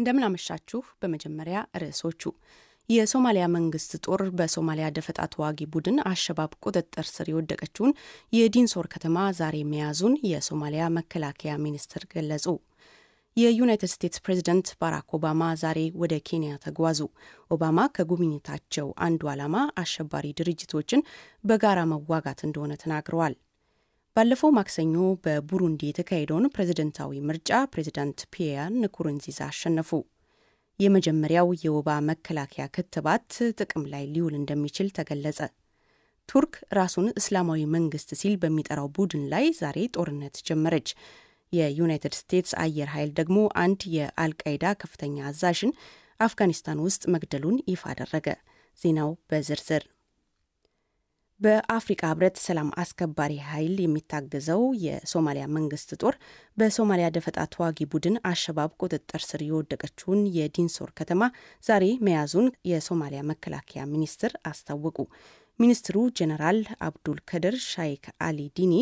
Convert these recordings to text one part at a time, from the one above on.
እንደምናመሻችሁ በመጀመሪያ ርዕሶቹ የሶማሊያ መንግስት ጦር በሶማሊያ ደፈጣ ተዋጊ ቡድን አሸባብ ቁጥጥር ስር የወደቀችውን የዲንሶር ከተማ ዛሬ መያዙን የሶማሊያ መከላከያ ሚኒስትር ገለጹ። የዩናይትድ ስቴትስ ፕሬዚደንት ባራክ ኦባማ ዛሬ ወደ ኬንያ ተጓዙ። ኦባማ ከጉብኝታቸው አንዱ ዓላማ አሸባሪ ድርጅቶችን በጋራ መዋጋት እንደሆነ ተናግረዋል። ባለፈው ማክሰኞ በቡሩንዲ የተካሄደውን ፕሬዝደንታዊ ምርጫ ፕሬዝዳንት ፒያን ንኩሩንዚዛ አሸነፉ። የመጀመሪያው የወባ መከላከያ ክትባት ጥቅም ላይ ሊውል እንደሚችል ተገለጸ። ቱርክ ራሱን እስላማዊ መንግስት ሲል በሚጠራው ቡድን ላይ ዛሬ ጦርነት ጀመረች። የዩናይትድ ስቴትስ አየር ኃይል ደግሞ አንድ የአልቃይዳ ከፍተኛ አዛዥን አፍጋኒስታን ውስጥ መግደሉን ይፋ አደረገ። ዜናው በዝርዝር በአፍሪቃ ህብረት ሰላም አስከባሪ ኃይል የሚታገዘው የሶማሊያ መንግስት ጦር በሶማሊያ ደፈጣ ተዋጊ ቡድን አሸባብ ቁጥጥር ስር የወደቀችውን የዲንሶር ከተማ ዛሬ መያዙን የሶማሊያ መከላከያ ሚኒስትር አስታወቁ። ሚኒስትሩ ጀነራል አብዱል ከድር ሻይክ አሊ ዲኒ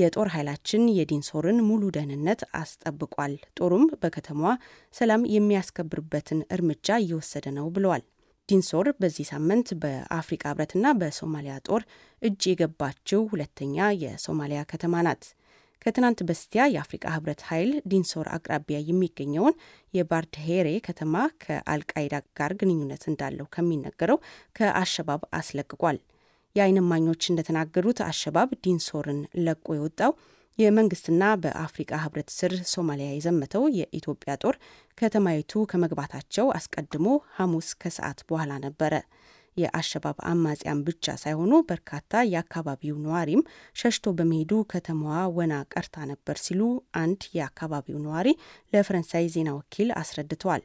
የጦር ኃይላችን የዲንሶርን ሙሉ ደህንነት አስጠብቋል፣ ጦሩም በከተማዋ ሰላም የሚያስከብርበትን እርምጃ እየወሰደ ነው ብለዋል። ዲንሶር በዚህ ሳምንት በአፍሪካ ህብረትና በሶማሊያ ጦር እጅ የገባችው ሁለተኛ የሶማሊያ ከተማ ናት። ከትናንት በስቲያ የአፍሪቃ ህብረት ኃይል ዲንሶር አቅራቢያ የሚገኘውን የባርድሄሬ ከተማ ከአልቃይዳ ጋር ግንኙነት እንዳለው ከሚነገረው ከአሸባብ አስለቅቋል። የአይን እማኞች እንደተናገሩት አሸባብ ዲንሶርን ለቆ የወጣው የመንግስትና በአፍሪቃ ህብረት ስር ሶማሊያ የዘመተው የኢትዮጵያ ጦር ከተማይቱ ከመግባታቸው አስቀድሞ ሐሙስ ከሰዓት በኋላ ነበረ። የአሸባብ አማጽያን ብቻ ሳይሆኑ በርካታ የአካባቢው ነዋሪም ሸሽቶ በመሄዱ ከተማዋ ወና ቀርታ ነበር ሲሉ አንድ የአካባቢው ነዋሪ ለፈረንሳይ ዜና ወኪል አስረድተዋል።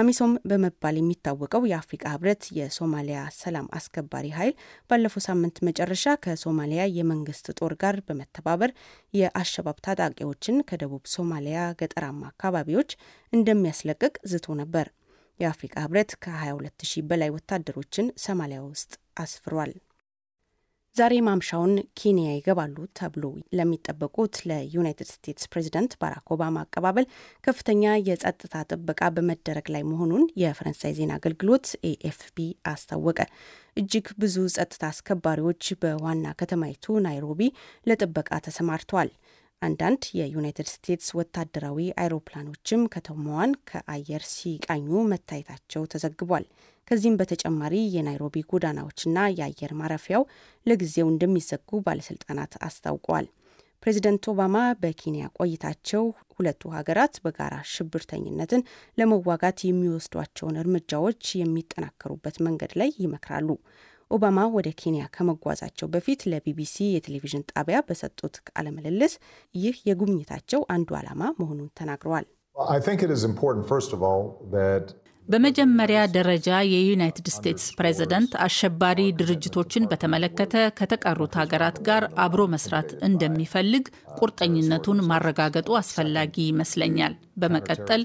አሚሶም በመባል የሚታወቀው የአፍሪካ ህብረት የሶማሊያ ሰላም አስከባሪ ኃይል ባለፈው ሳምንት መጨረሻ ከሶማሊያ የመንግስት ጦር ጋር በመተባበር የአሸባብ ታጣቂዎችን ከደቡብ ሶማሊያ ገጠራማ አካባቢዎች እንደሚያስለቅቅ ዝቶ ነበር። የአፍሪካ ህብረት ከ22 ሺህ በላይ ወታደሮችን ሶማሊያ ውስጥ አስፍሯል። ዛሬ ማምሻውን ኬንያ ይገባሉ ተብሎ ለሚጠበቁት ለዩናይትድ ስቴትስ ፕሬዚደንት ባራክ ኦባማ አቀባበል ከፍተኛ የጸጥታ ጥበቃ በመደረግ ላይ መሆኑን የፈረንሳይ ዜና አገልግሎት ኤኤፍፒ አስታወቀ። እጅግ ብዙ ጸጥታ አስከባሪዎች በዋና ከተማይቱ ናይሮቢ ለጥበቃ ተሰማርተዋል። አንዳንድ የዩናይትድ ስቴትስ ወታደራዊ አይሮፕላኖችም ከተማዋን ከአየር ሲቃኙ መታየታቸው ተዘግቧል። ከዚህም በተጨማሪ የናይሮቢ ጎዳናዎችና የአየር ማረፊያው ለጊዜው እንደሚዘጉ ባለስልጣናት አስታውቀዋል። ፕሬዚደንት ኦባማ በኬንያ ቆይታቸው ሁለቱ ሀገራት በጋራ ሽብርተኝነትን ለመዋጋት የሚወስዷቸውን እርምጃዎች የሚጠናከሩበት መንገድ ላይ ይመክራሉ። ኦባማ ወደ ኬንያ ከመጓዛቸው በፊት ለቢቢሲ የቴሌቪዥን ጣቢያ በሰጡት ቃለ ምልልስ ይህ የጉብኝታቸው አንዱ ዓላማ መሆኑን ተናግረዋል። በመጀመሪያ ደረጃ የዩናይትድ ስቴትስ ፕሬዝደንት አሸባሪ ድርጅቶችን በተመለከተ ከተቀሩት ሀገራት ጋር አብሮ መስራት እንደሚፈልግ ቁርጠኝነቱን ማረጋገጡ አስፈላጊ ይመስለኛል። በመቀጠል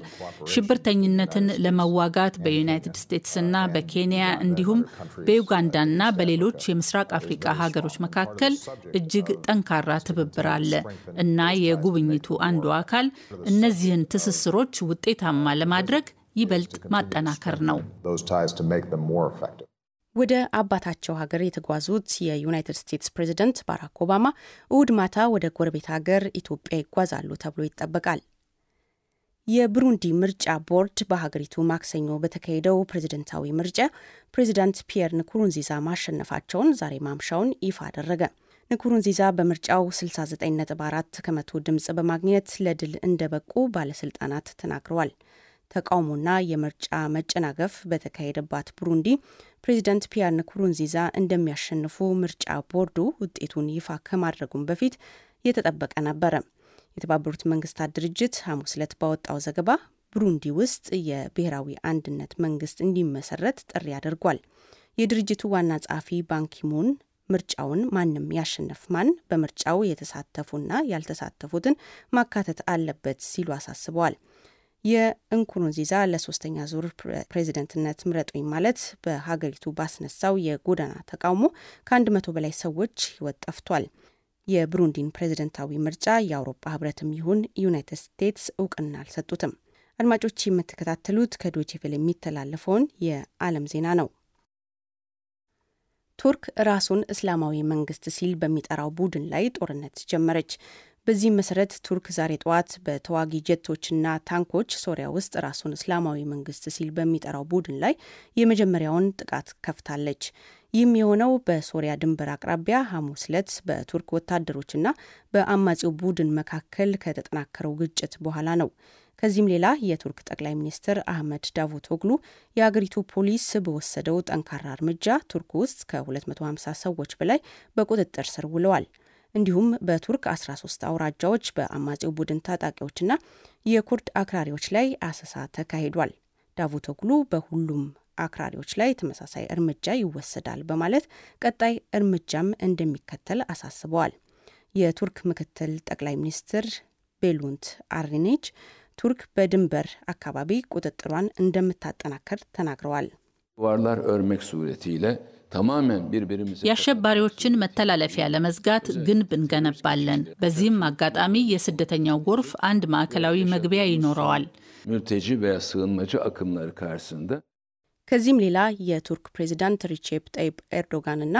ሽብርተኝነትን ለመዋጋት በዩናይትድ ስቴትስና በኬንያ እንዲሁም በዩጋንዳና በሌሎች የምስራቅ አፍሪካ ሀገሮች መካከል እጅግ ጠንካራ ትብብር አለ እና የጉብኝቱ አንዱ አካል እነዚህን ትስስሮች ውጤታማ ለማድረግ ይበልጥ ማጠናከር ነው። ወደ አባታቸው ሀገር የተጓዙት የዩናይትድ ስቴትስ ፕሬዚደንት ባራክ ኦባማ እሁድ ማታ ወደ ጎረቤት ሀገር ኢትዮጵያ ይጓዛሉ ተብሎ ይጠበቃል። የብሩንዲ ምርጫ ቦርድ በሀገሪቱ ማክሰኞ በተካሄደው ፕሬዝደንታዊ ምርጫ ፕሬዚዳንት ፒየር ንኩሩንዚዛ ማሸነፋቸውን ዛሬ ማምሻውን ይፋ አደረገ። ንኩሩንዚዛ በምርጫው 69.4 ከመቶ ድምፅ በማግኘት ለድል እንደበቁ ባለስልጣናት ተናግረዋል። ተቃውሞና የምርጫ መጨናገፍ በተካሄደባት ቡሩንዲ ፕሬዚደንት ፒያር ንኩሩንዚዛ እንደሚያሸንፉ ምርጫ ቦርዱ ውጤቱን ይፋ ከማድረጉም በፊት የተጠበቀ ነበረ። የተባበሩት መንግስታት ድርጅት ሐሙስ ዕለት ባወጣው ዘገባ ቡሩንዲ ውስጥ የብሔራዊ አንድነት መንግስት እንዲመሰረት ጥሪ አድርጓል። የድርጅቱ ዋና ጸሐፊ ባንኪሙን ምርጫውን ማንም ያሸነፍ ማን በምርጫው የተሳተፉና ያልተሳተፉትን ማካተት አለበት ሲሉ አሳስበዋል። የእንኩሩንዚዛ ለሶስተኛ ዙር ፕሬዚደንትነት ምረጡኝ ማለት በሀገሪቱ ባስነሳው የጎዳና ተቃውሞ ከአንድ መቶ በላይ ሰዎች ህይወት ጠፍቷል። የብሩንዲን ፕሬዝደንታዊ ምርጫ የአውሮፓ ህብረትም ይሁን ዩናይትድ ስቴትስ እውቅና አልሰጡትም። አድማጮች የምትከታተሉት ከዶችቬል የሚተላለፈውን የዓለም ዜና ነው። ቱርክ ራሱን እስላማዊ መንግስት ሲል በሚጠራው ቡድን ላይ ጦርነት ጀመረች። በዚህም መሰረት ቱርክ ዛሬ ጠዋት በተዋጊ ጀቶችና ታንኮች ሶሪያ ውስጥ ራሱን እስላማዊ መንግስት ሲል በሚጠራው ቡድን ላይ የመጀመሪያውን ጥቃት ከፍታለች። ይህም የሆነው በሶሪያ ድንበር አቅራቢያ ሐሙስ ዕለት በቱርክ ወታደሮችና በአማጺው ቡድን መካከል ከተጠናከረው ግጭት በኋላ ነው። ከዚህም ሌላ የቱርክ ጠቅላይ ሚኒስትር አህመድ ዳቮቶግሉ የአገሪቱ ፖሊስ በወሰደው ጠንካራ እርምጃ ቱርክ ውስጥ ከ250 ሰዎች በላይ በቁጥጥር ስር ውለዋል። እንዲሁም በቱርክ 13 አውራጃዎች በአማጺው ቡድን ታጣቂዎችና የኩርድ አክራሪዎች ላይ አሰሳ ተካሂዷል። ዳቩቶግሉ በሁሉም አክራሪዎች ላይ ተመሳሳይ እርምጃ ይወሰዳል በማለት ቀጣይ እርምጃም እንደሚከተል አሳስበዋል። የቱርክ ምክትል ጠቅላይ ሚኒስትር ቤሉንት አሪኔች ቱርክ በድንበር አካባቢ ቁጥጥሯን እንደምታጠናከር ተናግረዋል። የአሸባሪዎችን መተላለፊያ ለመዝጋት ግንብ እንገነባለን። በዚህም አጋጣሚ የስደተኛው ጎርፍ አንድ ማዕከላዊ መግቢያ ይኖረዋል። ከዚህም ሌላ የቱርክ ፕሬዚዳንት ሪቼፕ ጠይብ ኤርዶጋን እና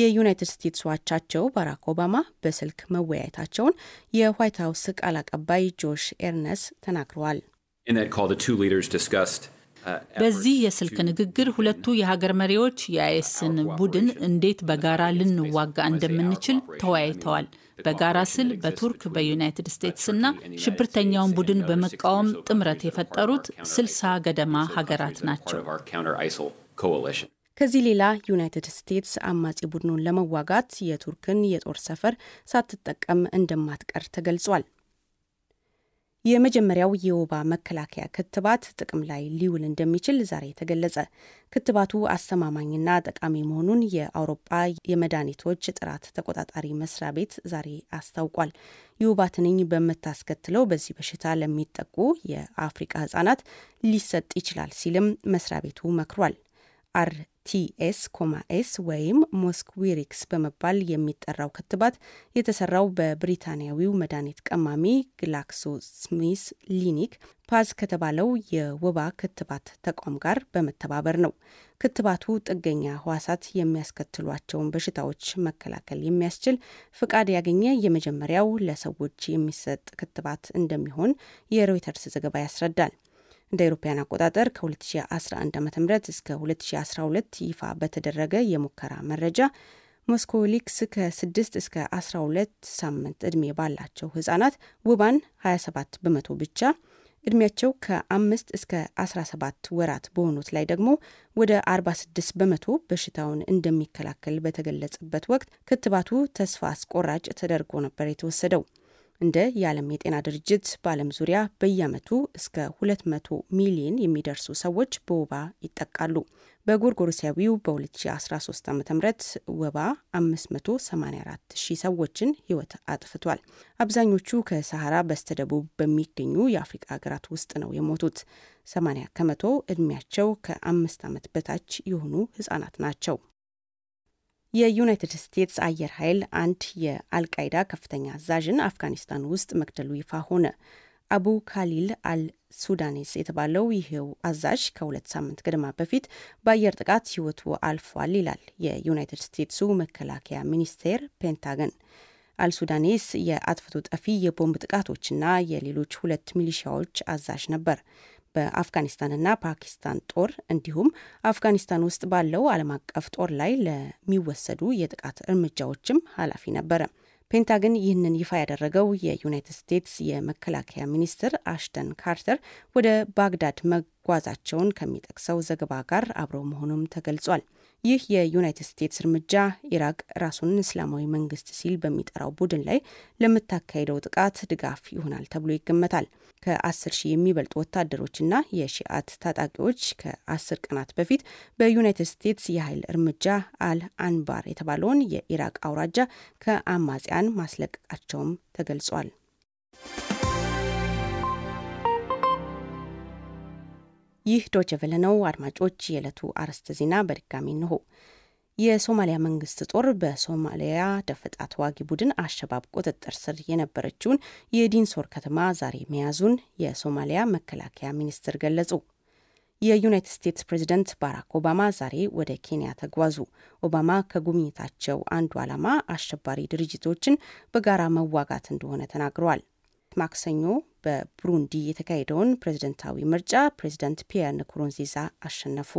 የዩናይትድ ስቴትስ ዋቻቸው ባራክ ኦባማ በስልክ መወያየታቸውን የዋይት ሀውስ ቃል አቀባይ ጆሽ ኤርነስ ተናግረዋል። በዚህ የስልክ ንግግር ሁለቱ የሀገር መሪዎች የአይኤስን ቡድን እንዴት በጋራ ልንዋጋ እንደምንችል ተወያይተዋል። በጋራ ስል በቱርክ በዩናይትድ ና ሽብርተኛውን ቡድን በመቃወም ጥምረት የፈጠሩት ስልሳ ገደማ ሀገራት ናቸው። ከዚህ ሌላ ዩናይትድ ስቴትስ አማጺ ቡድኑን ለመዋጋት የቱርክን የጦር ሰፈር ሳትጠቀም እንደማትቀር ተገልጿል። የመጀመሪያው የወባ መከላከያ ክትባት ጥቅም ላይ ሊውል እንደሚችል ዛሬ ተገለጸ። ክትባቱ አስተማማኝና ጠቃሚ መሆኑን የአውሮፓ የመድኃኒቶች ጥራት ተቆጣጣሪ መስሪያ ቤት ዛሬ አስታውቋል። የወባ ትንኝ በምታስከትለው በዚህ በሽታ ለሚጠቁ የአፍሪቃ ህጻናት ሊሰጥ ይችላል ሲልም መስሪያ ቤቱ መክሯል። አር ቲኤስ ኮማኤስ ወይም ሞስኩዊሪክስ በመባል የሚጠራው ክትባት የተሰራው በብሪታንያዊው መድኃኒት ቀማሚ ግላክሶ ስሚስ ሊኒክ ፓዝ ከተባለው የወባ ክትባት ተቋም ጋር በመተባበር ነው። ክትባቱ ጥገኛ ህዋሳት የሚያስከትሏቸውን በሽታዎች መከላከል የሚያስችል ፍቃድ ያገኘ የመጀመሪያው ለሰዎች የሚሰጥ ክትባት እንደሚሆን የሮይተርስ ዘገባ ያስረዳል። እንደ አውሮፓውያን አቆጣጠር ከ2011 ዓ ም እስከ 2012 ይፋ በተደረገ የሙከራ መረጃ ሞስኮ ሊክስ ከ6 እስከ 12 ሳምንት ዕድሜ ባላቸው ህጻናት ውባን 27 በመቶ ብቻ ዕድሜያቸው ከ5 እስከ 17 ወራት በሆኑት ላይ ደግሞ ወደ 46 በመቶ በሽታውን እንደሚከላከል በተገለጸበት ወቅት ክትባቱ ተስፋ አስቆራጭ ተደርጎ ነበር የተወሰደው። እንደ የዓለም የጤና ድርጅት በዓለም ዙሪያ በየዓመቱ እስከ 200 ሚሊዮን የሚደርሱ ሰዎች በወባ ይጠቃሉ። በጎርጎርሲያዊው በ2013 ዓ ም ወባ 584 ሺህ ሰዎችን ሕይወት አጥፍቷል። አብዛኞቹ ከሰሐራ በስተደቡብ በሚገኙ የአፍሪካ ሀገራት ውስጥ ነው የሞቱት። 80 ከመቶ ዕድሜያቸው ከአምስት ዓመት በታች የሆኑ ሕፃናት ናቸው። የዩናይትድ ስቴትስ አየር ኃይል አንድ የአልቃይዳ ከፍተኛ አዛዥን አፍጋኒስታን ውስጥ መግደሉ ይፋ ሆነ። አቡ ካሊል አል ሱዳኔስ የተባለው ይሄው አዛዥ ከሁለት ሳምንት ገደማ በፊት በአየር ጥቃት ሕይወቱ አልፏል ይላል የዩናይትድ ስቴትሱ መከላከያ ሚኒስቴር ፔንታገን። አልሱዳኔስ የአጥፍቶ ጠፊ የቦምብ ጥቃቶችና የሌሎች ሁለት ሚሊሺያዎች አዛዥ ነበር። በአፍጋኒስታንና ፓኪስታን ጦር እንዲሁም አፍጋኒስታን ውስጥ ባለው ዓለም አቀፍ ጦር ላይ ለሚወሰዱ የጥቃት እርምጃዎችም ኃላፊ ነበረ። ፔንታግን ይህንን ይፋ ያደረገው የዩናይትድ ስቴትስ የመከላከያ ሚኒስትር አሽተን ካርተር ወደ ባግዳድ መጓዛቸውን ከሚጠቅሰው ዘገባ ጋር አብሮ መሆኑም ተገልጿል። ይህ የዩናይትድ ስቴትስ እርምጃ ኢራቅ ራሱን እስላማዊ መንግስት ሲል በሚጠራው ቡድን ላይ ለምታካሄደው ጥቃት ድጋፍ ይሆናል ተብሎ ይገመታል። ከ10 ሺህ የሚበልጡ ወታደሮችና የሺአት ታጣቂዎች ከ10 ቀናት በፊት በዩናይትድ ስቴትስ የኃይል እርምጃ አል አንባር የተባለውን የኢራቅ አውራጃ ከአማጽያን ማስለቀቃቸውም ተገልጿል። ይህ ዶቸቨለ ነው። አድማጮች፣ የዕለቱ አርዕስተ ዜና በድጋሚ እንሆ የሶማሊያ መንግስት ጦር በሶማሊያ ደፈጣ ተዋጊ ቡድን አሸባብ ቁጥጥር ስር የነበረችውን የዲንሶር ከተማ ዛሬ መያዙን የሶማሊያ መከላከያ ሚኒስትር ገለጹ። የዩናይትድ ስቴትስ ፕሬዚደንት ባራክ ኦባማ ዛሬ ወደ ኬንያ ተጓዙ። ኦባማ ከጉብኝታቸው አንዱ ዓላማ አሸባሪ ድርጅቶችን በጋራ መዋጋት እንደሆነ ተናግረዋል። ማክሰኞ በቡሩንዲ የተካሄደውን ፕሬዝደንታዊ ምርጫ ፕሬዚደንት ፒየር ንኩሩንዚዛ አሸነፉ።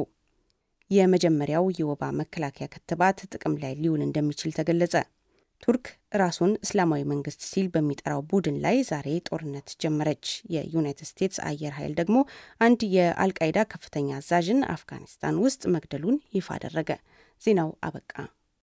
የመጀመሪያው የወባ መከላከያ ክትባት ጥቅም ላይ ሊውል እንደሚችል ተገለጸ። ቱርክ ራሱን እስላማዊ መንግስት ሲል በሚጠራው ቡድን ላይ ዛሬ ጦርነት ጀመረች። የዩናይትድ ስቴትስ አየር ኃይል ደግሞ አንድ የአልቃይዳ ከፍተኛ አዛዥን አፍጋኒስታን ውስጥ መግደሉን ይፋ አደረገ። ዜናው አበቃ።